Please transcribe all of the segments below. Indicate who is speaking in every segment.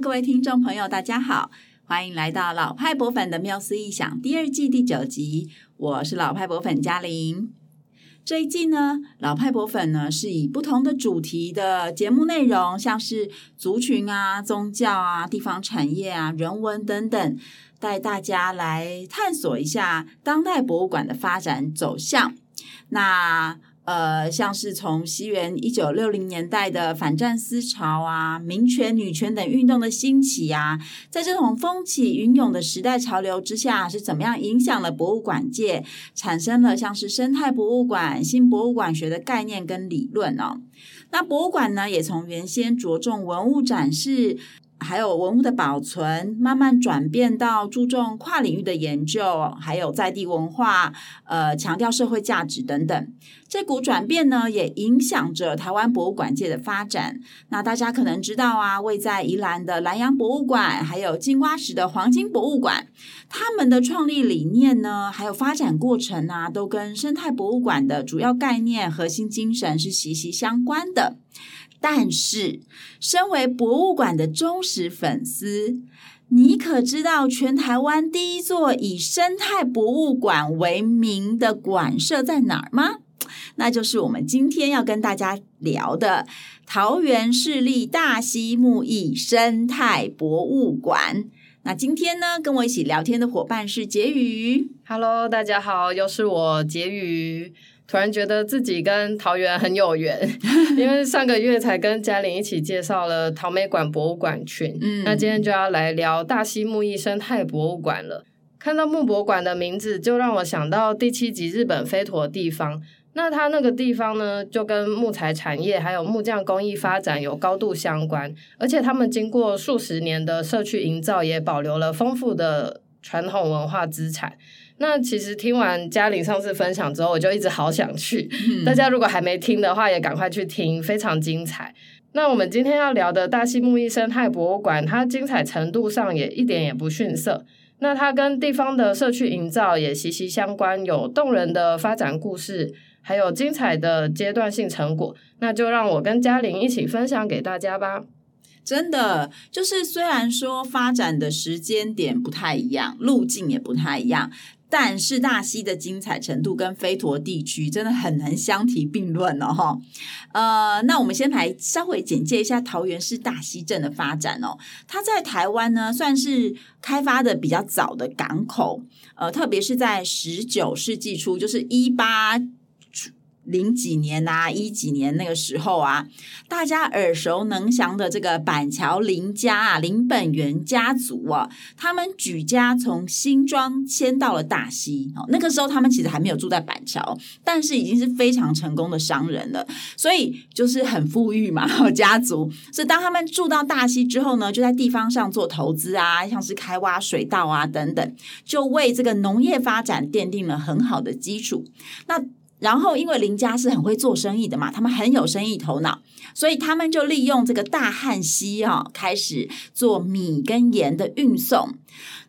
Speaker 1: 各位聽眾朋友，大家好，歡迎來到老派博粉的妙思異想第二季第九集。我是老派博粉家琳。這一季呢，老派博粉呢是以不同的主題的節目內容，像是族群啊、宗教啊、地方產業啊、人文等等，帶大家來探索一下當代博物館的發展走向。那呃，像是從西元一九六零年代的反戰思潮啊、民權、女權等運動的興起啊，在這種風起雲湧的時代潮流之下，是怎麼樣影響了博物館界，產生了像是生態博物館、新博物館學的概念跟理論呢？哦。那博物館呢，也從原先着重文物展示。還有文物的保存，慢慢轉變到注重跨領域的研究，還有在地文化，呃，強調社會價值等等。這股轉變呢，也影響着台灣博物館界的發展。那大家可能知道啊，位在宜蘭的蘭陽博物館，還有金瓜石的黃金博物館，他們的創立理念呢，還有發展過程啊，都跟生態博物館的主要概念、核心精神是息息相關的。但是，身為博物館的忠實粉絲，你可知道全台灣第一座以生態博物館為名的館舍在哪兒嗎？那就是我們今天要跟大家聊的桃園市立大溪木藝生態博物館。那今天呢，跟我一起聊
Speaker 2: 天的夥伴是潔宇。Hello，大家好，又是我潔宇。突然覺得自己跟桃園很有緣， 因為上個月才跟家琳一起介紹了桃美館博物館群，嗯、那今天就要來聊大溪木藝生態博物館了。看到木博館的名字，就讓我想到第七集日本飛驒地方。那它那個地方呢，就跟木材產業還有木匠工藝發展有高度相關，而且他們經過數十年的社區營造，也保留了豐富的傳統文化資產。那其實聽完家琳上次分享之後，我就一直好想去。嗯。大家如果還沒聽的話，也趕快去聽，非常精彩。那我們今天要聊的大溪木藝生態博物館，它精彩程度上也一點也不遜色。那它跟地方的社區營造也息息相關，有動人的發展故事，還有精彩的階段性成果。那就讓我跟家琳一起分享給大家吧。真的，就是雖然說發展的時間點不太一樣，
Speaker 1: 路徑也不太一樣。但是大溪的精彩程度跟飛駝地區真的很難相提並論呢，哈，呃，那我們先來稍微簡介一下桃園市大溪鎮的發展哦，它在台灣呢算是開發的比較早的港口，呃，特別是在十九世紀初，就是一八零幾年啊，一幾年那個時候啊，大家耳熟能詳的這個板橋林家啊，林本源家族啊，他們舉家從新莊遷到了大溪。那個時候他們其實還沒有住在板橋，但是已經是非常成功的商人了，所以就是很富裕嘛。家族，所以當他們住到大溪之後呢，就在地方上做投資啊，像是開挖水道啊等等，就為這個農業發展奠定了很好的基礎。那。然後，因為林家是很會做生意的嘛，他們很有生意頭腦，所以他們就利用這個大漢溪哈、哦，開始做米跟鹽的運送。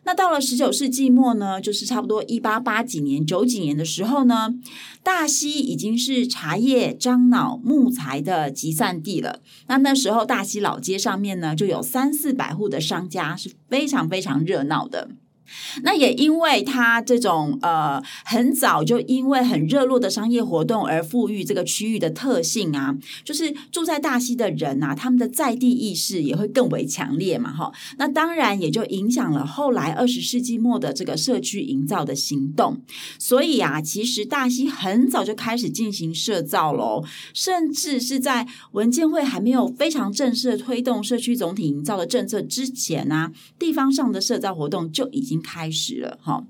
Speaker 1: 那到了十九世紀末呢，就是差不多一八八幾年、九幾年的時候呢，大溪已經是茶葉、樟腦、木材的集散地了。那那時候，大溪老街上面呢，就有三四百戶的商家，是非常非常熱鬧的。那也因為他這種呃很早就因為很熱絡的商業活動而賦予這個區域的特性啊，就是住在大溪的人啊，他們的在地意識也會更為強烈嘛，哈。那當然也就影響了後來二十世紀末的這個社區營造的行動。所以啊，其實大溪很早就開始進行社造嘍，甚至是在文建會還沒有非常正式推動社區總體營造的政策之前啊，地方上的社造活動就已經，開始了哈，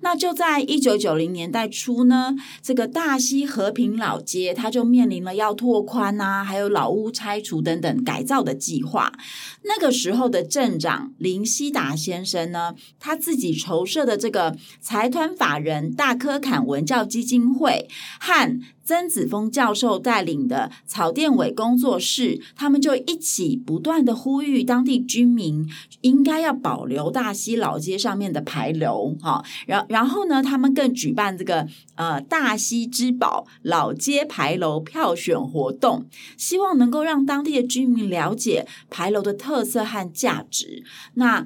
Speaker 1: 那就在一九九零年代初呢，這個大溪和平老街，它就面臨了要拓寬吶、啊，還有老屋拆除等等改造的計劃。那個時候的鎮長林熺達先生呢，他自己籌設的這個財團法人大嵙崁文教基金會和。曾子峰教授帶領的草店尾工作室，他們就一起不斷地呼籲當地居民，應該要保留大溪老街上面的牌樓。哈，然然後呢，他們更舉辦這個呃大溪之寶老街牌樓票選活動，希望能夠讓當地的居民了解牌樓的特色和價值。那。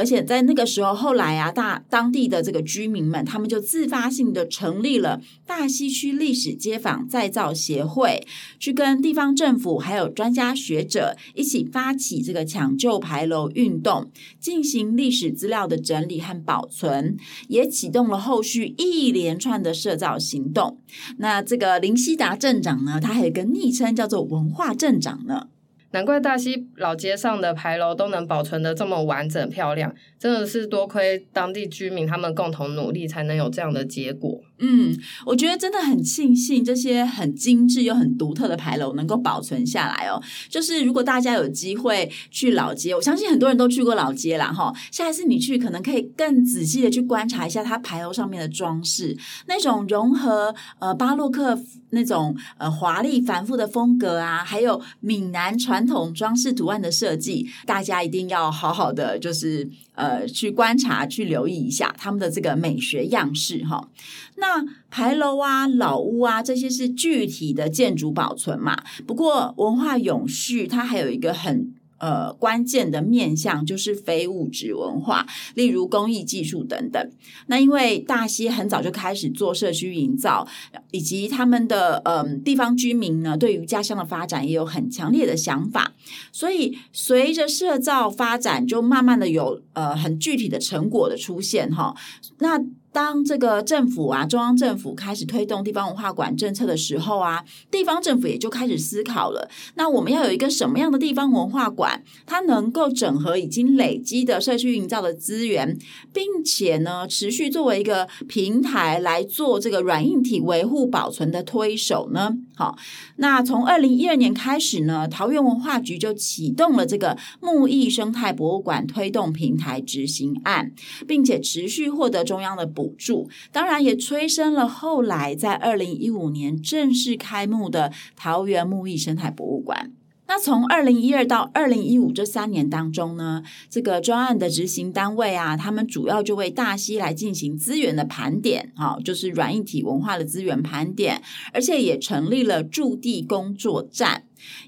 Speaker 1: 而且在那個時候，後來啊，大當地的這個居民們，他們就自發性的成立了大溪區歷史街坊再造協會，去跟地方政府還有專家學者一起發起這個搶救牌樓運動，進行歷史資料的整理和保存，也啟動了後續一連串的社造行動。那這個林熺達鎮長呢，他還有一個昵稱叫做“文化鎮長”
Speaker 2: 呢。難怪大溪老街上的牌樓都能保存的這麼完整漂亮，真的是多虧當地居民他們共同努力，才能有這樣的結果。嗯，我覺得真的很慶幸這
Speaker 1: 些很精緻又很獨特的牌樓能夠保存下來哦，就是如果大家有機會去老街，我相信很多人都去過老街啦齁。下一次你去，可能可以更仔細的去觀察一下它牌樓上面的裝飾，那種融合呃巴洛克那種呃華麗繁複的風格啊，還有閩南傳統裝飾圖案的設計，大家一定要好好的就是。呃，去觀察、去留意一下他們的這個美學樣式哈、哦。那牌樓啊、老屋啊，這些是具體的建築保存嘛。不過文化永續，它還有一個很。呃，關鍵的面向就是非物質文化，例如工藝技術等等。那因為大溪很早就開始做社區營造，以及他們的嗯、呃、地方居民呢，對於家鄉的發展也有很強烈的想法。所以隨着社造發展，就慢慢的有呃很具體的成果的出現哈、哦。那當這個政府啊，中央政府開始推動地方文化館政策的時候啊，地方政府也就開始思考了。那我們要有一個什麼樣的地方文化館，它能夠整合已經累積的社區營造的資源，並且呢，持續作為一個平台來做這個軟硬體維護保存的推手呢？好，那從二零一二年開始呢，桃園文化局就啟動了這個木藝生態博物館推動平台執行案，並且持續獲得中央的補助，當然也催生了後來在二零一五年正式開幕的桃園木藝生態博物館。那從二零一二到二零一五這三年當中呢，這個專案的執行單位啊，他們主要就為大溪來進行資源的盤點，哈，就是軟硬體文化的資源盤點，而且也成立了駐地工作站。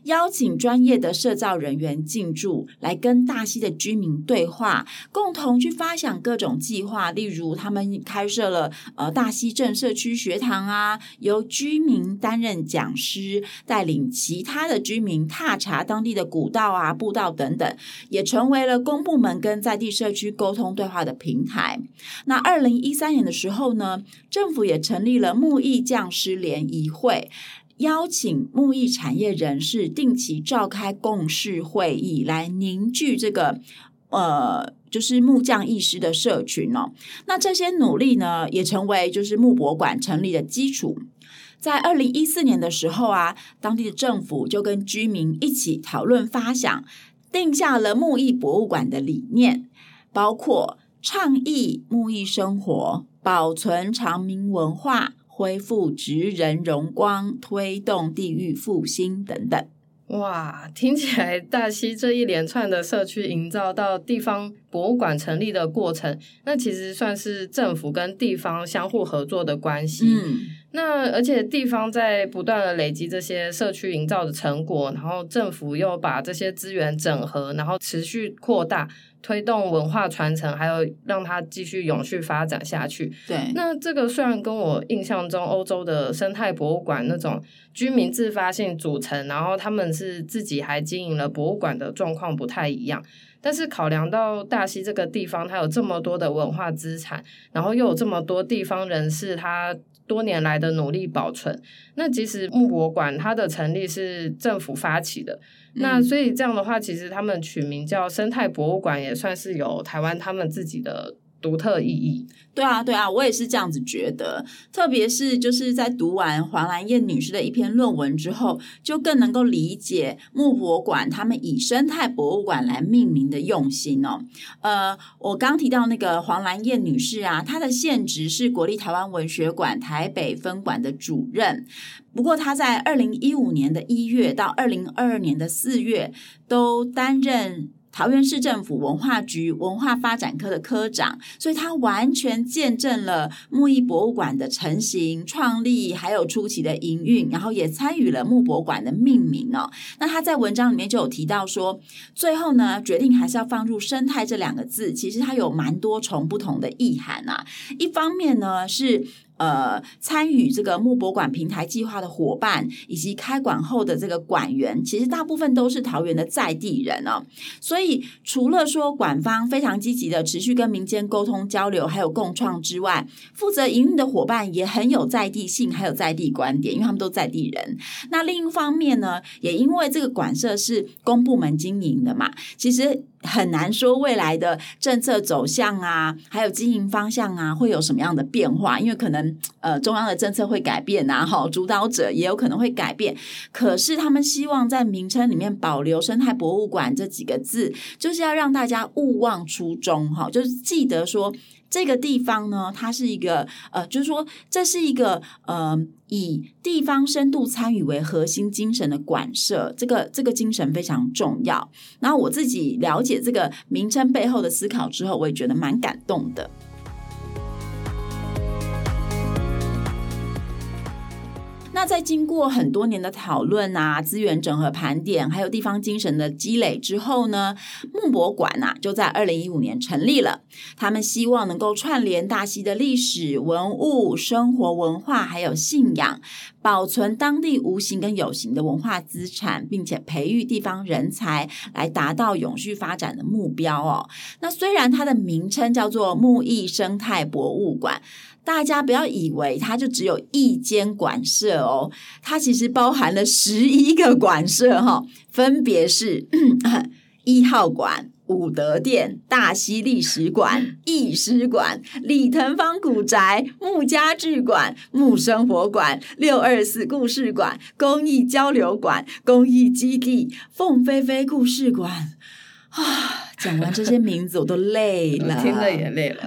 Speaker 1: 邀請專業的社造人員進駐，來跟大溪的居民對話，共同去發想各種計劃。例如，他們開設了呃大溪鎮社區學堂啊，由居民擔任講師，帶領其他的居民踏查當地的古道啊、步道等等，也成為了公部門跟在地社區溝通對話的平台。那二零一三年的時候呢，政府也成立了木藝匠師聯誼會。邀請木藝產業人士定期召開共事會議，來凝聚這個呃，就是木匠藝師的社群哦。那這些努力呢，也成為就是木博館成立的基礎。在二零一四年的時候啊，當地的政府就跟居民一起討論發想，定下了木藝博物館的理念，包括倡議木藝生活，保存常民文化。恢復職人榮光，
Speaker 2: 推動地域復興等等。哇，聽起來大溪這一連串的社區營造到地方博物館成立的過程，那其實算是政府跟地方相互合作的關係。嗯，那而且地方在不斷的累積這些社區營造的成果，然後政府又把這些資源整合，然後持續擴大。推動文化傳承，還有讓它繼續永續發展下去。對，那這個雖然跟我印象中歐洲的生態博物館那種居民自發性組成，然後他們是自己還經營了博物館的狀況不太一樣，但是考量到大溪這個地方，它有這麼多的文化資產，然後又有這麼多地方人士，他多年來的努力保存，那其實木博館它的成立是政府發起的，嗯，那所以這樣的話，其實他們取名叫生態博物館，也算是有台灣他們自己的。獨特意義，對啊，對啊，我也是這樣子覺得。特別是就是在讀完黃蘭燕
Speaker 1: 女士的一篇論文之後，就更能夠理解木博館他們以生態博物館來命名的用心哦。呃，我剛提到那個黃蘭燕女士啊，她的現職是國立台灣文學館台北分館的主任，不過她在二零一五年的一月到二零二二年的四月都擔任。桃園市政府文化局文化發展科的科長，所以他完全見證了木藝博物館的成型、創立，還有初期的營運，然後也參與了木博館的命名哦。那他在文章裡面就有提到說，最後呢決定還是要放入“生態”這兩個字，其實它有蠻多重不同的意涵啊。一方面呢是。呃，參與這個木博館平台計劃的夥伴以及開館後的這個館員，其實大部分都是桃園的在地人哦。所以除了說館方非常積極地持續跟民間溝通交流，還有共創之外，負責營運的夥伴也很有在地性，還有在地觀點，因為他們都在地人。那另一方面呢，也因為這個館舍是公部門經營的嘛，其實。很難說未來的政策走向啊，還有經營方向啊，會有什麼樣的變化？因為可能呃，中央的政策會改變吶，哈，主導者也有可能會改變。可是他們希望在名稱裡面保留“生態博物館”這幾個字，就是要讓大家勿忘初衷，哈，就是記得說。這個地方呢，它是一個呃，就是說，這是一個呃，以地方深度參與為核心精神的館舍。這個這個精神非常重要。然後我自己了解這個名稱背後的思考之後，我也覺得蠻感動的。那在經過很多年的討論啊，資源整合盤點，還有地方精神的積累之後呢，木博館吶啊，就在二零一五年成立了。他們希望能夠串聯大溪的歷史、文物、生活文化，還有信仰，保存當地無形跟有形的文化資產，並且培育地方人才，來達到永續發展的目標哦。那雖然它的名稱叫做木藝生態博物館。大家不要以為它就只有一間館舍哦，它其實包含了十一個館舍哈、哦，分別是咳咳一號館、武德殿、大溪歷史館、藝師館、李騰芳古宅、木家具館、木生活館、六二四故事館、公益交流館、公益基地、鳳飛飛故事館啊。講完這些名字我都累了， 聽了也
Speaker 2: 累了。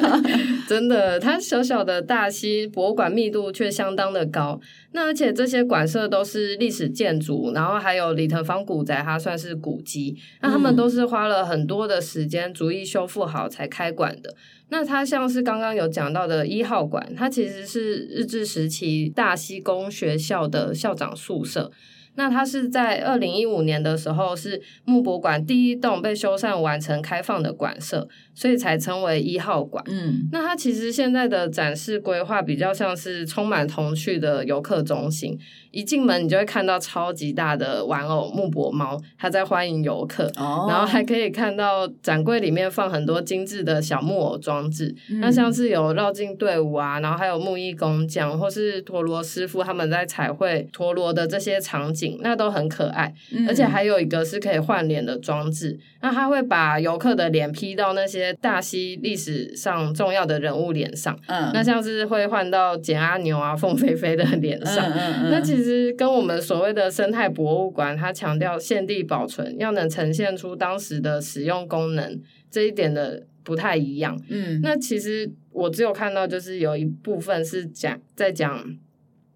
Speaker 2: 真的，它小小的大溪博物館密度卻相當的高。那而且這些館舍都是歷史建築，然後還有李騰芳古宅，它算是古蹟。那他們都是花了很多的時間，逐一修復好才開館的。嗯、那它像是剛剛有講到的一號館，它其實是日治時期大溪公學校的校長宿舍。那它是在二零一五年的時候，是木博館第一棟被修繕完成開放的館舍，所以才稱為一號館。嗯，那它其實現在的展示規劃比較像是充滿童趣的遊客中心。一進門你就會看到超級大的玩偶木博貓，它在歡迎遊客。哦，然後還可以看到展櫃裡面放很多精緻的小木偶裝置。嗯、那像是有繞境隊伍啊，然後還有木藝工匠或是陀螺師傅他們在彩繪陀螺的這些場景。那都很可愛，而且還有一個是可以換臉的裝置。嗯、那他會把遊客的臉 P 到那些大溪歷史上重要的人物臉上、嗯，那像是會換到簡阿牛啊、鳳飛飛的臉上、嗯嗯嗯。那其實跟我們所謂的生態博物館，它強調現地保存，要能呈現出當時的使用功能，這一點的不太一樣。嗯，那其實我只有看到就是有一部分是講在講。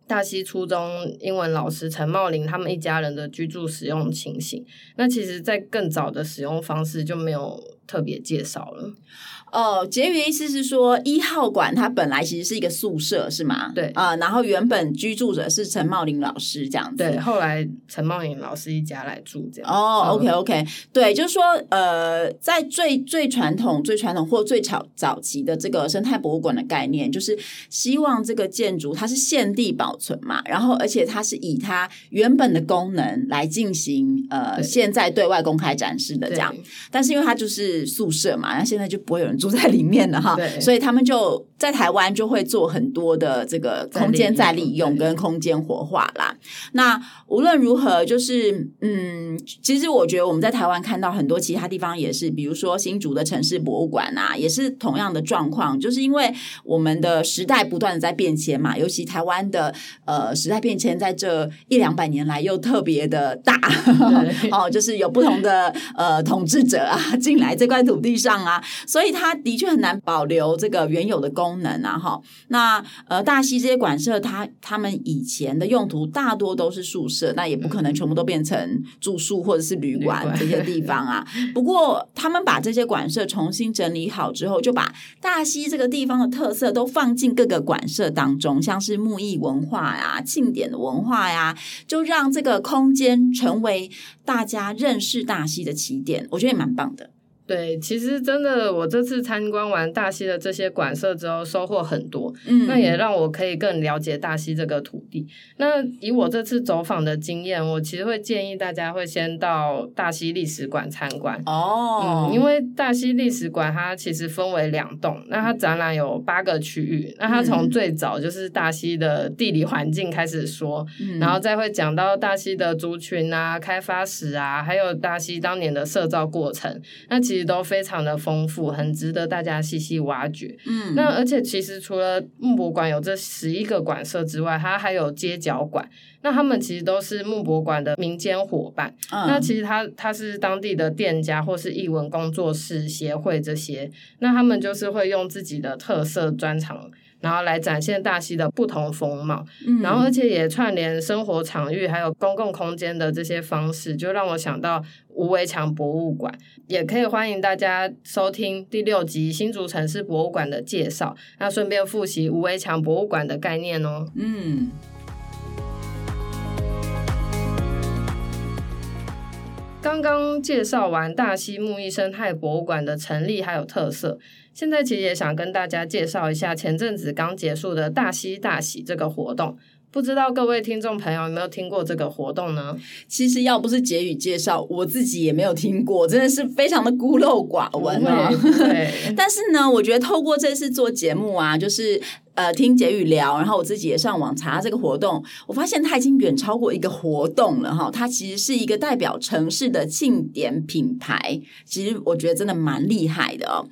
Speaker 2: 大溪初中英文老師陳茂林他們一家人的居住使用情形，那其實在更早的使用方式就沒有。特別介紹了，哦，潔宇的意思是說
Speaker 1: 一號館它本來其實是一個宿舍是嗎？對啊，呃，然後原本居住者是陳
Speaker 2: 茂林老師這樣子，對，後來陳茂林老師一家來住這樣子。哦，嗯，OK
Speaker 1: OK，對，就是說呃，在最最傳統、最傳統或最早早期的這個生態博物館的概念，就是希望這個建築它是現地保存嘛，然後而且它是以它原本的功能來進行呃現在對外公開展示的這樣，但是因為它就是。宿舍嘛，那現在就不會有人住在裡面了哈，對，所以他們就。在台灣就會做很多的這個空間再利用跟空間活化啦。那無論如何，就是嗯，其實我覺得我們在台灣看到很多其他地方也是，比如說新竹的城市博物館啊，也是同樣的狀況。就是因為我們的時代不斷的在變遷嘛，尤其台灣的呃時代變遷，在這一兩百年來又特別的大，對對對 哦，就是有不同的呃統治者啊進來這塊土地上啊，所以他的確很難保留這個原有的功。功能啊，然後，那呃，大溪這些館舍，它他們以前的用途大多都是宿舍，那也不可能全部都變成住宿或者是旅館這些地方啊。不過，他們把這些館舍重新整理好之後，就把大溪這個地方的特色都放進各個館舍當中，像是木藝文化呀、啊、慶典的文化呀、啊，就讓這個空間成為大家認識大溪的起點。
Speaker 2: 我覺得也蠻棒的。對，其實真的，我這次參觀完大溪的這些館舍之後，收穫很多，嗯。那也讓我可以更了解大溪這個土地。那以我這次走訪的經驗，我其實會建議大家會先到大溪歷史館參觀。哦，嗯，因為大溪歷史館它其實分為兩棟，那它展覽有八個區域。那它從最早就是大溪的地理環境開始說，嗯，然後再會講到大溪的族群啊、開發史啊，還有大溪當年的社造過程。那其其實都非常的豐富，很值得大家細細挖掘。嗯，那而且其實除了木博館有這十一個館舍之外，它還有街角館。那他們其實都是木博館的民間夥伴。嗯、那其實他他是當地的店家或是藝文工作室協會這些，那他們就是會用自己的特色專長。然後來展現大溪的不同風貌，嗯，然後而且也串聯生活場域還有公共空間的這些方式，就讓我想到無圍牆博物館，也可以歡迎大家收聽第六集新竹城市博物館的介紹，那順便復習無圍牆博物館的概念哦。嗯。剛剛介紹完大溪木藝生態博物館的成立還有特色，現在其實也想跟大家介紹一下前陣子剛結束的大溪大禧這個活動。不知道各位聽眾朋友有沒有聽過這個活動呢？其實要不是潔宇介紹，我自己也沒有聽
Speaker 1: 過，真的是非常的孤陋寡聞啊。 對對 但是呢，我覺得透過這次做節目啊，就是。呃，聽潔宇聊，然後我自己也上網查，啊、這個活動，我發現它已經遠超過一個活動了哈，哦，它其實是一個代表城市的慶典品牌，其實我覺得真的蠻厲害的。哦。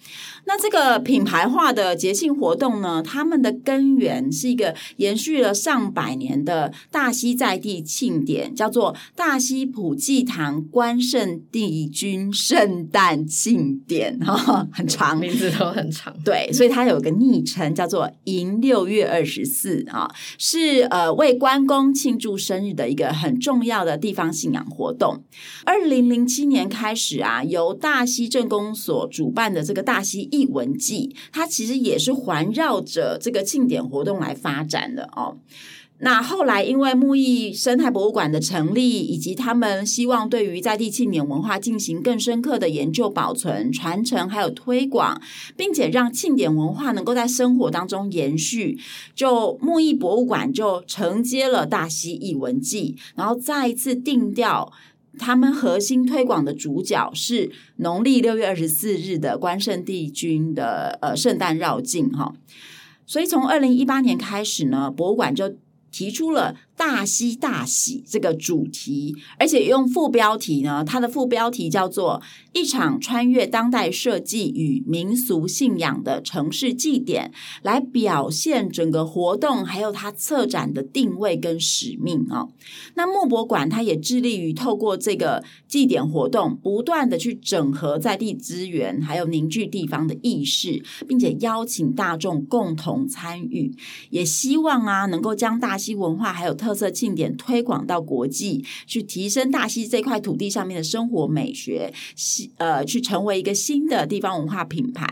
Speaker 1: 那這個品牌化的節慶活動呢，他們的根源是一個延續了上百年的大溪在地慶典，叫做大溪普濟堂關聖帝君聖誕慶典，哈，哦，很長，名字都很長，對，所以它有個昵稱叫做“音”。六月二十四啊，是呃為關公慶祝生日的一個很重要的地方信仰活動。二零零七年開始啊，由大溪鎮公所主辦的這個大溪藝文季，它其實也是環繞着這個慶典活動來發展的哦。那後來，因為木藝生態博物館的成立，以及他們希望對於在地慶典文化進行更深刻的研究、保存、傳承，還有推廣，並且讓慶典文化能夠在生活當中延續，就木藝博物館就承接了大溪藝文季，然後再一次定調，他們核心推廣的主角是農曆六月二十四日的關聖帝君的呃聖誕繞境哈、哦。所以從二零一八年開始呢，博物館就。提出了，大西大喜這個主題，而且用副標題呢，它的副標題叫做“一場穿越當代設計與民俗信仰的城市祭典”，來表現整個活動，還有它策展的定位跟使命哦。那莫博館它也致力於透過這個祭典活動，不斷的去整合在地資源，還有凝聚地方的意識，並且邀請大眾共同參與，也希望啊能夠將大西文化還有特。特色慶典推廣到國際，去提升大溪這塊土地上面的生活美學，新呃，去成為一個新的地方文化品牌。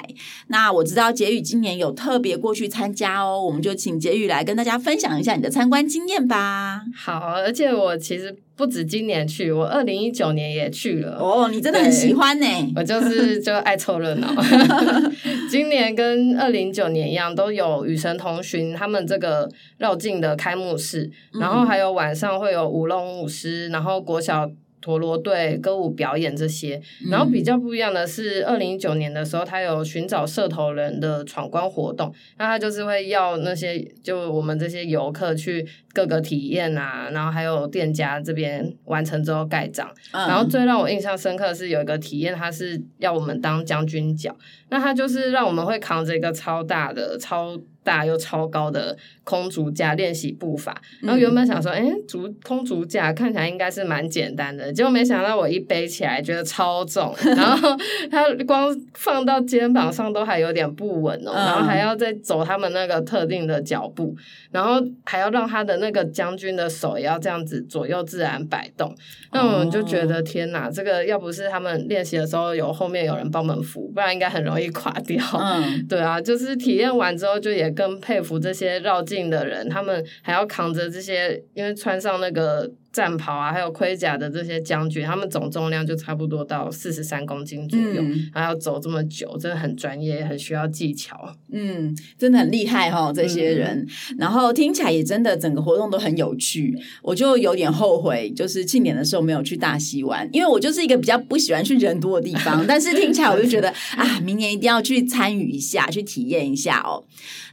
Speaker 1: 那我知道潔宇今年有特別過去參加哦，我們就請潔宇來跟大家分享一下你的參觀經驗吧。
Speaker 2: 好，而且我其實、嗯。不止今年去，我二零一九年也去了。哦，你真的很喜歡呢、欸。我就是就愛湊熱鬧。 今年跟二零一九年一樣，都有與神同巡他們這個繞境的開幕式、嗯，然後還有晚上會有舞龍舞獅，然後國小。陀螺隊、歌舞表演這些，然後比較不一樣的是，二零一九年的時候，他有尋找社頭人的闖關活動，那他就是會要那些就我們這些遊客去各個體驗啊，然後還有店家這邊完成之後蓋章，然後最讓我印象深刻的是有一個體驗，他是要我們當將軍角。那他就是讓我們會扛着一個超大的、嗯、超大又超高的空竹架練習步法、嗯。然後原本想說，哎、欸，竹空竹架看起來應該是蠻簡單的，結果沒想到我一背起來覺得超重， 然後他光放到肩膀上都還有點不穩哦、喔嗯，然後還要再走他們那個特定的腳步，然後還要讓他的那個將軍的手也要這樣子左右自然擺動、嗯。那我們就覺得天吶，這個要不是他們練習的時候有後面有人幫忙扶，不然應該很容易。被垮掉，嗯，對啊，就是體驗完之後，就也更佩服這些繞境的人，他們還要扛着這些，因為穿上那個。戰袍啊，還有盔甲的這些將軍，他們總重量就差不多到四十三公斤左右，嗯，還要走這麼久，真的很專業，很需要技巧。嗯，
Speaker 1: 真的很厲害哈，哦，這些人，嗯。然後聽起來也真的，整個活動都很有趣，我就有點後悔，就是慶典的時候沒有去大溪玩，因為我就是一個比較不喜歡去人多的地方。 但是聽起來我就覺得 啊，明年一定要去參與一下，去體驗一下哦。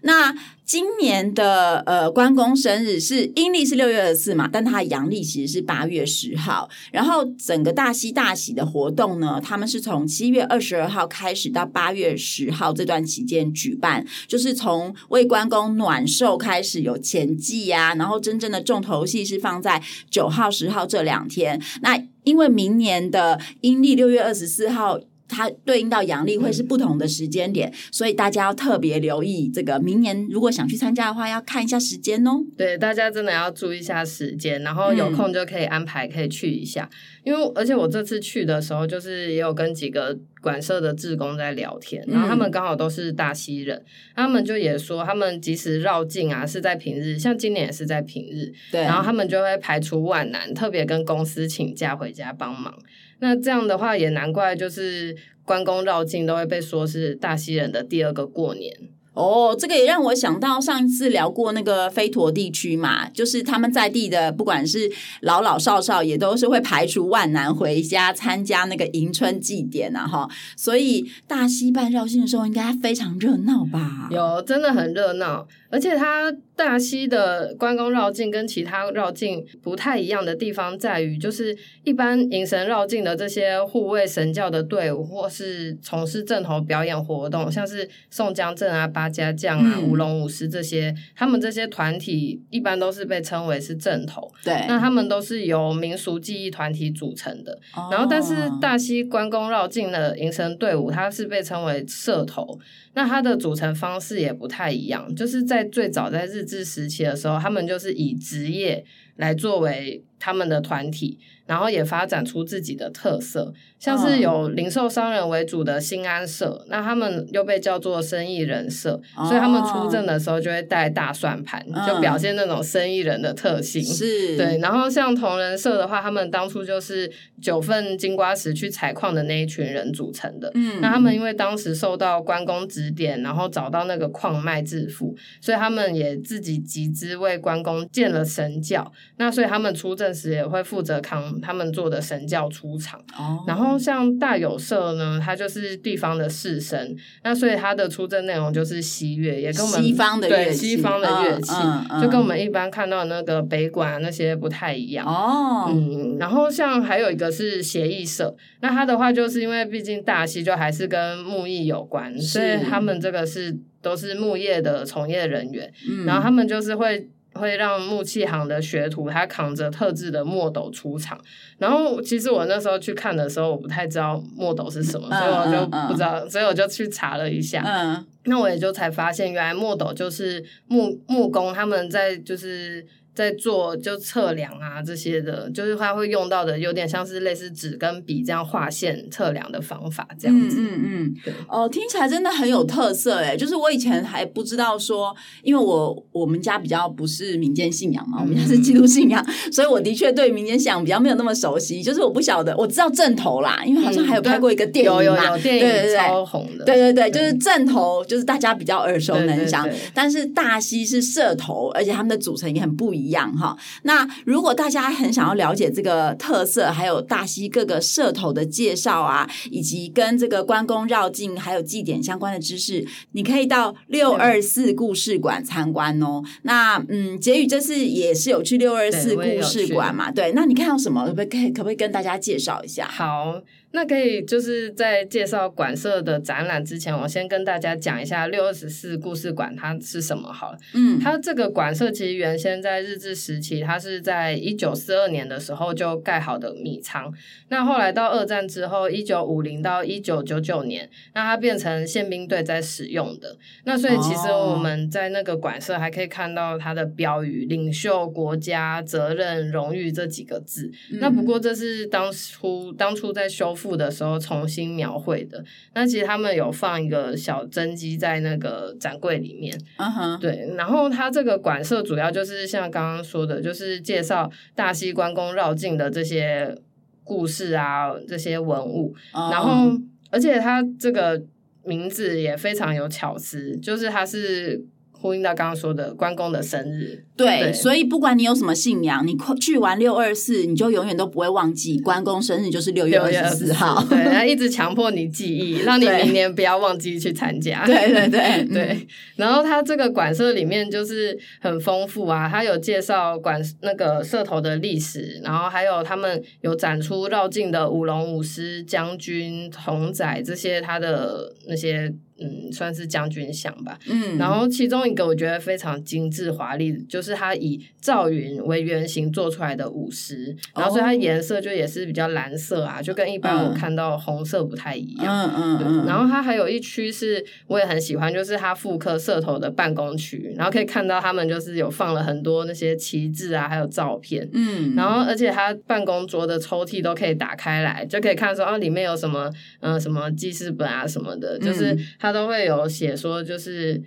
Speaker 1: 那，今年的呃關公生日是陰曆是六月二十四嘛，但他陽曆其實是八月十號。然後整個大溪大禧的活動呢，他們是從七月二十二號開始到八月十號這段期間舉辦，就是從為關公暖壽開始有前祭呀、啊，然後真正的重頭戲是放在九號十號這兩天。那因為明年的陰曆六月二十四號。它對應到陽曆會是不同的時間點、嗯，所以大家要特別留意這
Speaker 2: 個。明年如果想去參加的話，要看一下時間哦。對，大家真的要注意一下時間，然後有空就可以安排，嗯、可以去一下。因為而且我這次去的時候，就是也有跟幾個館舍的志工在聊天、嗯，然後他們剛好都是大溪人，他們就也說，他們即使繞境啊，是在平日，像今年也是在平日，對、嗯。然後他們就會排除萬難，特別跟公司請假回家幫忙。那這樣的話，也難怪，就是關公繞境都會被說是大溪人的第二個過年。哦、oh，
Speaker 1: 這個也讓我想到上一次聊過那個飛陀地區嘛，就是他們在地的不管是老老少少，也都是會排除萬難回家參加那個迎春祭
Speaker 2: 典啊，哈，所以大溪辦繞境的時候應該非常熱鬧吧？有，真的很熱鬧。而且他大溪的關公繞境跟其他繞境不太一樣的地方在於，就是一般迎神繞境的這些護衛神教的隊伍，或是從事陣頭表演活動，像是宋江陣啊，八。家將啊，舞龍舞獅這些，嗯，他們這些團體一般都是被稱為是陣頭。對，那他們都是由民俗技藝團體組成的。哦、然後，但是大溪關公繞境的迎神隊伍，它是被稱為社頭，那它的組成方式也不太一樣。就是在最早在日治時期的時候，他們就是以職業來作為。他們的團體，然後也發展出自己的特色，像是有零售商人為主的興安社，那他們又被叫做生意人社，所以他們出陣的時候就會帶大算盤，就表現那種生意人的特性。嗯。是，對。然後像同人社的話，他們當初就是九份金瓜石去採礦的那一群人組成的。嗯。那他們因為當時受到關公指點，然後找到那個礦脈致富，所以他們也自己集資為關公建了神教。嗯。那所以他們出陣。當時也會負責扛他們做的神轎出場，oh. 然後像大有社呢，他就是地方的士紳。那所以他的出陣內容就是西樂，也跟我們對西方的樂器,西方的樂器、uh, 嗯，就跟我們一般看到那個北管、啊、那些不太一樣、oh. 嗯，然後像還有一個是協義社，那他的話就是因為畢竟大溪就還是跟木藝有關，所以他們這個是都是木業的從業人員、嗯，然後他們就是會。會讓木器行的學徒他扛着特製的墨斗出場，然後其實我那時候去看的時候，我不太知道墨斗是什麼，嗯，所以我就不知道，嗯嗯，所以我就去查了一下，嗯，那我也就才發現，原來墨斗就是木木工他們在就是。在做就測量啊這些的，就是他會用到的，有點像是類似紙跟筆這樣畫線測量的方法這樣子。嗯嗯哦、嗯呃，聽起來真的很有特色哎！就是我以前還不知
Speaker 1: 道說，因為我我們家比較不是民間信仰嘛，我們家是基督信仰，嗯、所以我的確對民間信仰比較沒有那麼熟悉。就是我不曉得，我知道陣頭啦，因為好像還有拍過一個電影嘛，對、嗯、對對，有有有超紅的。對對對，嗯、就是陣頭，就是大家比較耳熟能詳，對對對。但是大溪是社頭，而且他們的組成也很不一樣。一樣哈，那如果大家很想要了解這個特色，還有大溪各個社頭的介紹啊，以及跟這個關公繞境還有祭典相關的知識，你可以到六二四故事館參觀哦。那嗯，潔宇這次也是有去六二四故事館
Speaker 2: 嘛？對，那你看到什麼？可不可以可不可以跟大家介紹一下？好。那可以就是在介紹館舍的展覽之前，我先跟大家講一下六廿四故事館它是什麼好了。嗯，它這個館舍其實原先在日治時期，它是在一九四二年的時候就蓋好的米倉。那後來到二戰之後，一九五零到一九九九年，那它變成憲兵隊在使用的。那所以其實我們在那個館舍還可以看到它的標語“哦、領袖、國家、責任、榮譽”這幾個字、嗯。那不過這是當初當初在修復。復的時候重新描繪的，那其實他們有放一個小真機在那個展櫃裡面，uh -huh. 對。然後它這個館舍主要就是像剛剛說的，就是介紹大溪關公繞境的這些故事啊，這些文物。Uh -huh. 然後，而且它這個名字也非常有巧思，就是它是。呼應到剛剛說的關公的生日對，
Speaker 1: 對，所以不管你有什麼信仰，你去完六二四，你就永遠都不會忘記關公生日就是六月二十四號。24, 對他一
Speaker 2: 直強迫你記憶， 讓你明年不要忘記去參加對。對對對對。然後他這個館舍裡面就是很豐富啊，他有介紹館那個社頭的歷史，然後還有他們有展出繞境的舞龍舞獅將軍童仔這些他的那些。嗯，算是將軍像吧。嗯，然後其中一個我覺得非常精致華麗，就是它以趙雲為原型做出來的舞獅。哦。然後所以它顏色就也是比較藍色啊，就跟一般我看到紅色不太一樣。嗯、啊、嗯、啊啊啊、然後它還有一區是我也很喜歡，就是它複刻社頭的辦公區，然後可以看到他們就是有放了很多那些旗幟啊，還有照片。嗯。然後而且它辦公桌的抽屜都可以打開來，就可以看說啊裡面有什麼，嗯什麼記事本啊什麼的，就是他、嗯。他都會有寫說，就是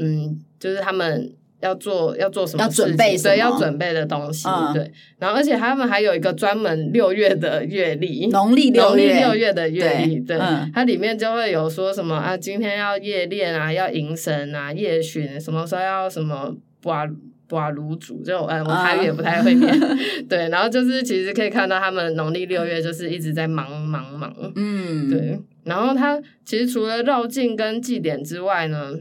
Speaker 2: 嗯，就是他們要做要做什麼準備，所以要準備的東西，嗯、對。然後，而且他們還有一個專門六月的月曆，農曆六,六月的月曆，對。它、嗯、裡面就會有說什麼啊，今天要夜練啊，要迎神啊，夜巡什麼時候要什麼把把滷煮，就嗯，我、嗯、台語也不太會念，嗯、 對。然後就是其實可以看到他們農曆六月就是一直在忙忙忙，嗯，對。然後它，其實除了繞境跟祭典之外呢，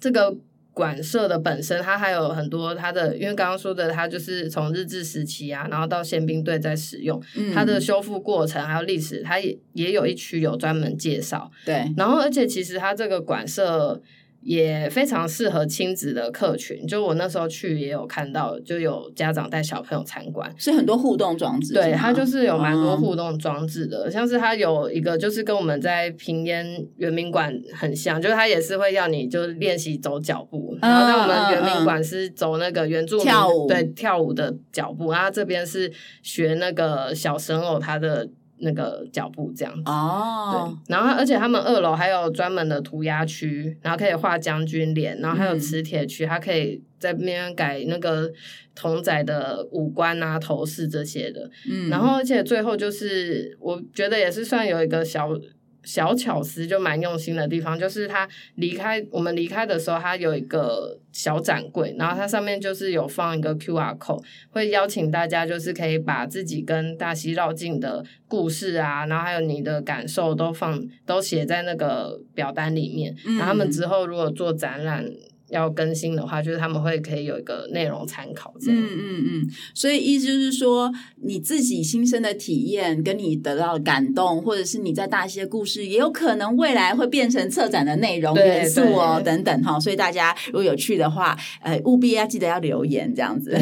Speaker 2: 這個館舍的本身它，還有很多它的，因為剛剛說的它就是從日治時期啊，然後到憲兵隊在使用，嗯、它的修復過程還有歷史，它也也有一區有專門介紹。對，然後而且其實它這個館舍。也非常適合親子的客群，就我那時候去也有看到，就有家長帶小朋友參觀，是很多互動裝置。對，它就是有蠻多互動裝置的，嗯、像是它有一個就是跟我們在平鎮原民館很像，就是它也是會要你就練習走腳步，嗯、然後在我們原民館是走那個原住民跳舞，對，跳舞的腳步，然後這邊是學那個小神偶它的。那個腳步這樣子哦，oh. 對，然後而且他們二樓還有專門的塗鴉區，然後可以畫將軍臉，然後還有磁鐵區，他、mm -hmm. 可以在那邊改那個童仔的五官啊、頭飾這些的。嗯、mm -hmm.，然後而且最後就是，我覺得也是算有一個小。小巧思就蠻用心的地方，就是他離開，我們離開的時候，他有一個小展櫃，然後它上面就是有放一個 QR code，會邀請大家就是可以把自己跟大溪繞境的故事啊，然後還有你的感受都放，都寫在那個表單裡面，然後他們之後如果做展覽。嗯要更新的話，就是他們會可以有一個內容參考，這樣。嗯嗯嗯，所以意思就
Speaker 1: 是說，你自己親身的體驗，跟你得到的感動，或者是你在大溪的故事，也有可能未來會變成策展的內容元素哦、喔，等等哈、喔。所以大家如果有去的話，呃，務必要記得要留言這樣子。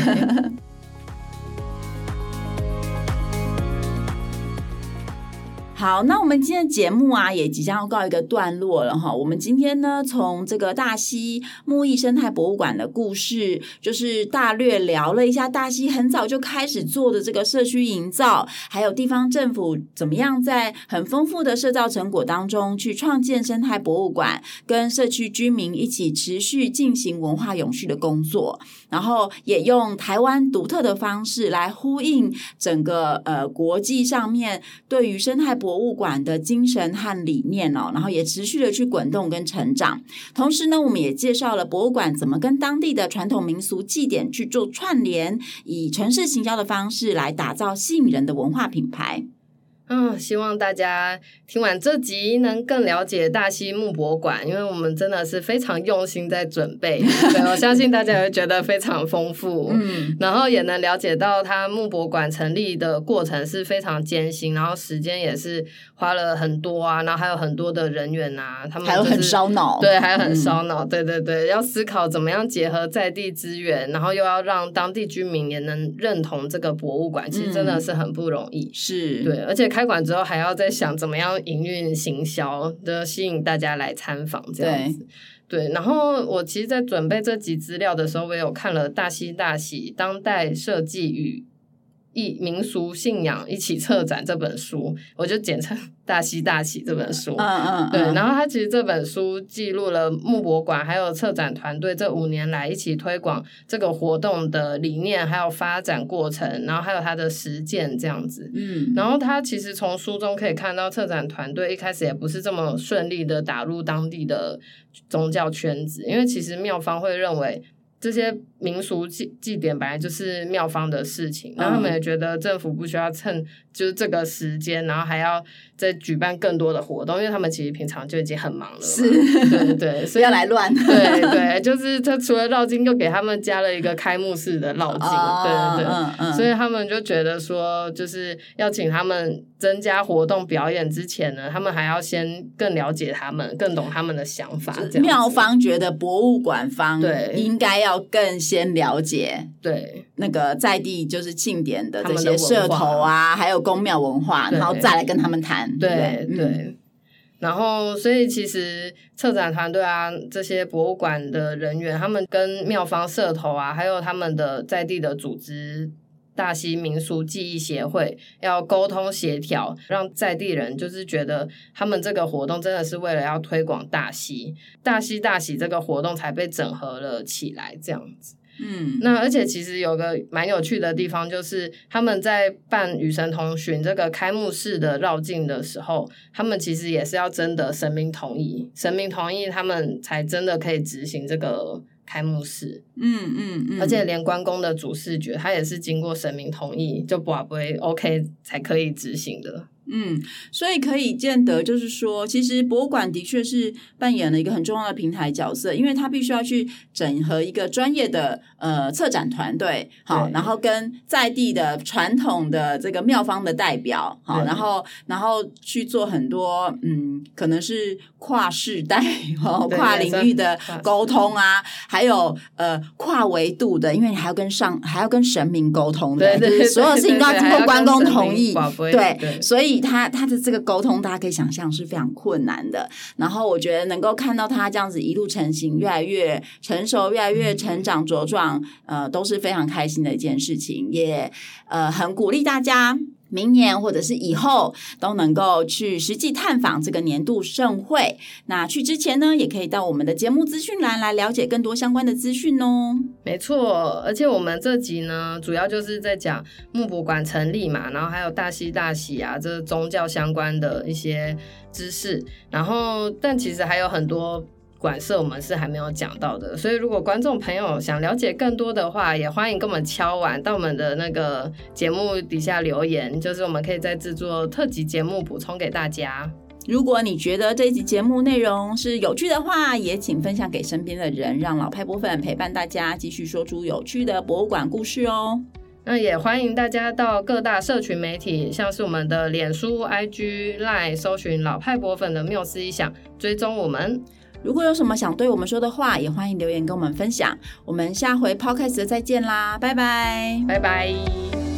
Speaker 1: 好，那我們今天的節目啊，也即將要告一個段落了哈。我們今天呢，從這個大溪木藝生態博物館的故事，就是大略聊了一下大溪很早就開始做的這個社區營造，還有地方政府怎麼樣在很豐富的社造成果當中去創建生態博物館，跟社區居民一起持續進行文化永續的工作，然後也用台灣獨特的方式來呼應整個呃國際上面對於生態博博物館的精神和理念哦，然後也持續的去滾動跟成長。同時呢，我們也介紹了博物館怎麼跟當地的傳統民俗祭典去做串聯，以城市行銷的方式來打造吸引人的文化品牌。
Speaker 2: 嗯、哦，希望大家聽完這集能更了解大溪木博館，因為我們真的是非常用心在準備。 對，我相信大家會覺得非常豐富，嗯，然後也能了解到他木博館成立的過程是非常艱辛，然後時間也是花了很多啊，然後還有很多的人員啊，他們、就是、還有很燒腦，對，還有很燒腦、嗯，對對對，要思考怎麼樣結合在地資源，然後又要讓當地居民也能認同這個博物館，其實真的是很不容易，是、嗯、對，而且看。開館之後還要再想怎麼樣營運、行銷的吸引大家來參訪這樣子，對。對，然後我其實，在準備這集資料的時候，我也有看了《大溪大禧》當代設計與，一民俗信仰一起策展這本書，我就簡稱《大溪大禧》這本書。嗯嗯，對。然後他其實這本書記錄了木博館還有策展團隊這五年來一起推廣這個活動的理念，還有發展過程，然後還有他的實踐這樣子。嗯。然後他其實從書中可以看到，策展團隊一開始也不是這麼順利的打入當地的宗教圈子，因為其實廟方會認為這些。民俗祭祭典本來就是廟方的事情，然後他們也覺得政府不需要趁，就是這個時間，然後還要再舉辦更多的活動，因為他們其實平常就已經很忙了，對，所以要來亂，對對，對， 對對對 就是他除了繞境又給他們加了一個開幕式的繞境，oh, 對對對，uh, uh, 所以他們就覺得說，就是要請他們增加活動表演之前呢，他們還要先更了解他們，更懂他們的想法這樣。廟方覺得博物館
Speaker 1: 方對應該要更。先了解對，那個在地就是慶典的這些社頭啊，
Speaker 2: 還有宮廟文化，然後再來跟他們談。對對、嗯、對，然後所以其實策展團隊啊，這些博物館的人員，他們跟廟方社頭啊，還有他們的在地的組織大溪民俗技藝協會，要溝通協調，讓在地人就是覺得他們這個活動真的是為了要推廣大溪大溪大禧這個活動才被整合了起來，這樣子。嗯， 那而且其實有個蠻有趣的地方，就是他們在辦《與神同巡》這個開幕式的繞境的時候，他們其實也是要徵得神明同意，神明同意他們才真的可以執行這個開幕式。嗯嗯嗯，而且連關公的主視覺，他也是經過神明同意，就不，不會 OK 才可以執行的。嗯，
Speaker 1: 所以可以見得，就是說，其實博物館的確是扮演了一個很重要的平台角色，因為它必須要去整合一個專業的呃策展團隊，好，然後跟在地的傳統的這個廟方的代表，好，然後然後去做很多嗯，可能是跨世代、跨領域的溝通啊，還有呃跨維度的，因為你還要跟上，還要跟神明溝通的，對對對就是、所有事情都要經過關公同意，對，所以。他他的這個溝通，大家可以想象是非常困難的。然後我覺得能夠看到他這樣子一路成型，越來越成熟，越來越成長，嗯，越來越成長茁壯，呃，都是非常開心的一件事情，也呃很鼓勵大家。明年或者是以後都能夠去實際探訪這個年度盛會。那去之前呢，也可以到我們的節目資訊欄來了解更多相關的資訊哦。
Speaker 2: 沒錯，而且我們這集呢，主要就是在講木博館成立嘛，然後還有大溪大禧啊，這、就是、宗教相關的一些知識。然後，但其實還有很多。館舍我們是還沒有講到的，所以如果觀眾朋友想了解更多的話，也歡迎跟我們敲碗，到我們的那個節目底下留言，就是我們可以再制作特輯節目補充給大家。如
Speaker 1: 果你覺得這一集節目內容是有趣的話，也請分享給身邊的人，讓老派
Speaker 2: 博粉陪伴大家繼續說出有趣的博物館故事哦。那也歡迎大家到各大社群媒體，像是我們的臉書、IG、LINE，搜尋老派博粉的繆斯一想，追蹤我們。如果有什麼想對我們說的話，也歡迎留言跟
Speaker 1: 我們分享。我們下回 podcast 再見啦，拜拜，拜拜。